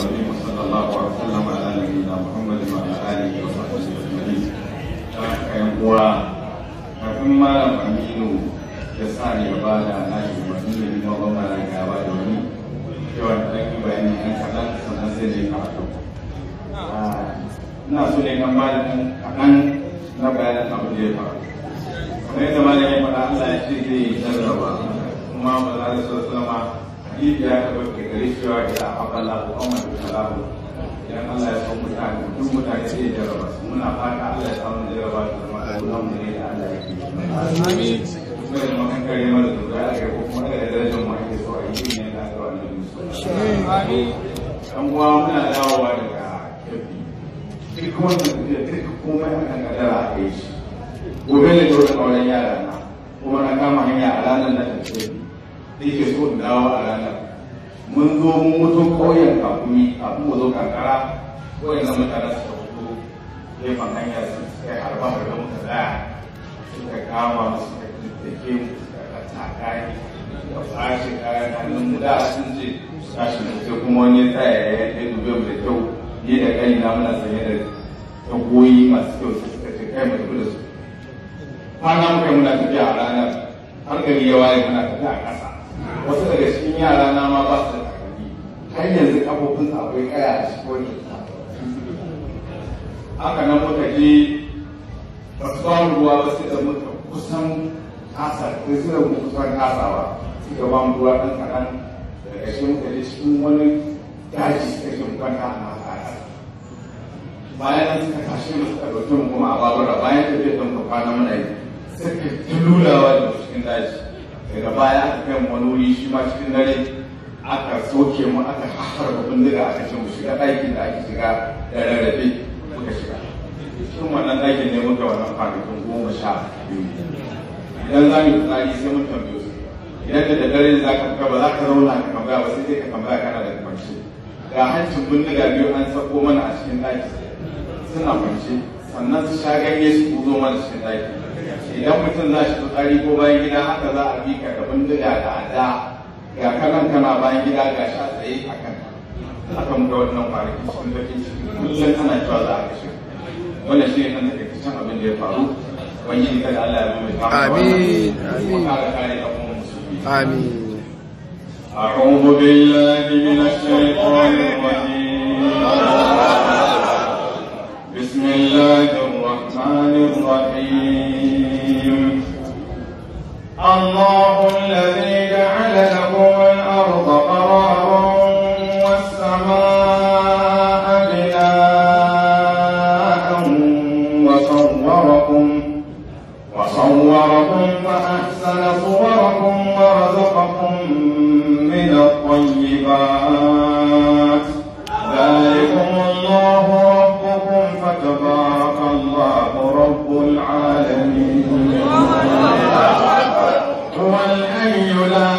وسلم وصلى الله وسلم على نبينا محمد وعلى اله وصحبه اجمعين kafin malam aminu ya sa ya ba da nashi wani da nima ba mara gaba da wani cewa ɗan yi bayani ɗan kaɗan sannan sai ne karatu ina so ne kan bada kaɗan na bayanin abu da ya faru kamar yadda malam ya faɗa Allah ya ce zai yi jarraba kuma ba za su sallama hadisi ya tabbata gare cewa ila Allah ko da idan Allah ya san mutane duk mutane muna fata Allah ya samu da kuma da Allah yake amin kuma da kare mu da duka ko kuma da darajar mu ake so a yi ne da wani amin muna dawowa daga kafi duk da duk komai kadara a kai shi gobe ne yara na kuma na kama hanya a ranar da so in dawo a ranar mun zo mun mutu ƙauyen kakumi kafin mu zo kankara ƙauyen na mutane su rubu gefen hanyar su kai harba harba muka tsaya suka kama ka tattake mu suka kata kayan da fashe kayan hannun mu da sun ce sashi da sai kuma wani tsaya ya yi dube mu da kyau ni da kai na muna sanye da tagoyi masu kyau suka ce kai mu tafi da su kwana muka muna tafiya a ranar har gari ya waye muna tafiya a ƙasa wasu daga cikin yara na ma ba su har yanzu kafofin akwai kaya a cikin wannan haka nan muka je ba su ba ruwa ba sai da muka kusan kasa sai su da kusan kasawa suka ba mu ruwa ɗan kaɗan da ƙarshe muka je cikin wani daji da ke kwanta a kama bayan nan suka tashi mu suka ɗauki mu kuma a babura bayan tafiyar da muka na muna yi suka tululawa da cikin daji daga baya aka kai wani wuri shi ma cikin dare aka soke mu aka harba bindiga aka ce mu shiga ɗakin da ake shiga da eh, rarrabe muka shiga cikin wannan ɗakin ne muka wannan kwanakin goma sha biyu idan za mu yi tsari sai mun tambaye su idan da dare za ka fita ba za ka zauna ka tambaya ba sai ka tambaya kana da kwanci ga hancin bindiga biyu an sako mana a cikin ɗaki suna kwanci sannan su sha ganye su kuzo mana cikin ɗaki idan mutum za shi tsari ko bayan gida haka za a bi ka da bindiga da ada ga kanan kana bayan gida ga sha tsaye a kan aka muka wannan kwanaki cikin bakin ciki kullum ana cewa za a kashe wannan shi ne kan can abin da ya faru wani kada Allah ya mai fara amin amin amin أعوذ بالله من الشيطان الرجيم بسم الله الرحمن الرحيم أحسن صوركم ورزقكم من الطيبات ذلكم الله ربكم فتبارك الله رب العالمين هو الحي لا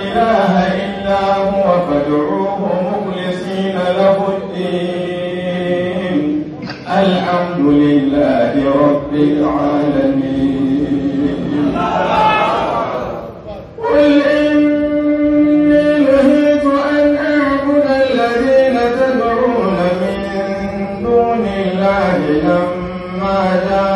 إله إلا هو فادعوه مخلصين له الدين الحمد لله رب العالمين I Maharaj.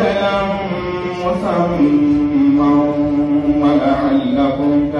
أجلا مسمى ولعلكم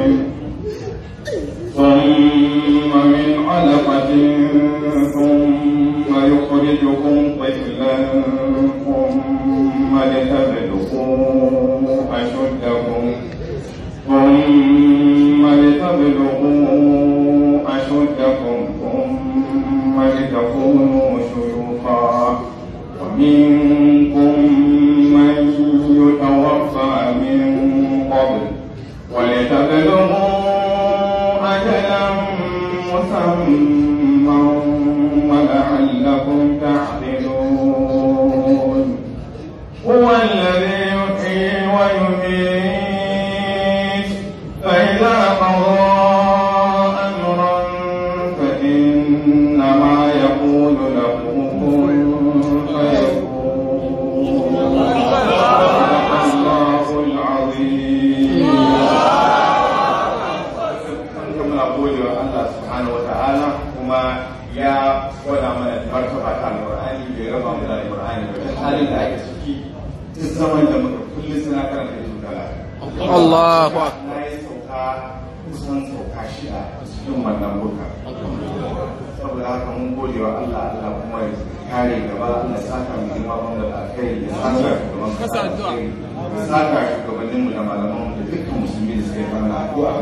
Amen. mun gode wa Allah Allah kuma ya kare gaba Allah saka mu girma wanda da alkhairi ya saka gaban da alkhairi saka shugabannin mu da malaman mu da dukkan musulmi da suka yi mana addu'a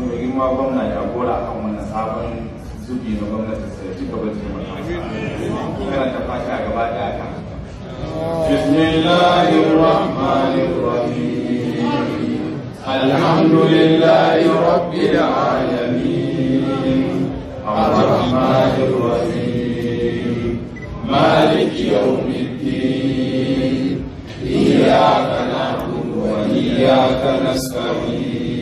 mun yi girma gwamna ya gora kan wannan sabon zubi na gwamnati sai ci gaba da mu kana ta fata gaba da ka bismillahir rahmanir rahim alhamdulillahi rabbil alamin الرحمن الرحيم مالك يوم الدين إياك نعبد وإياك نستعين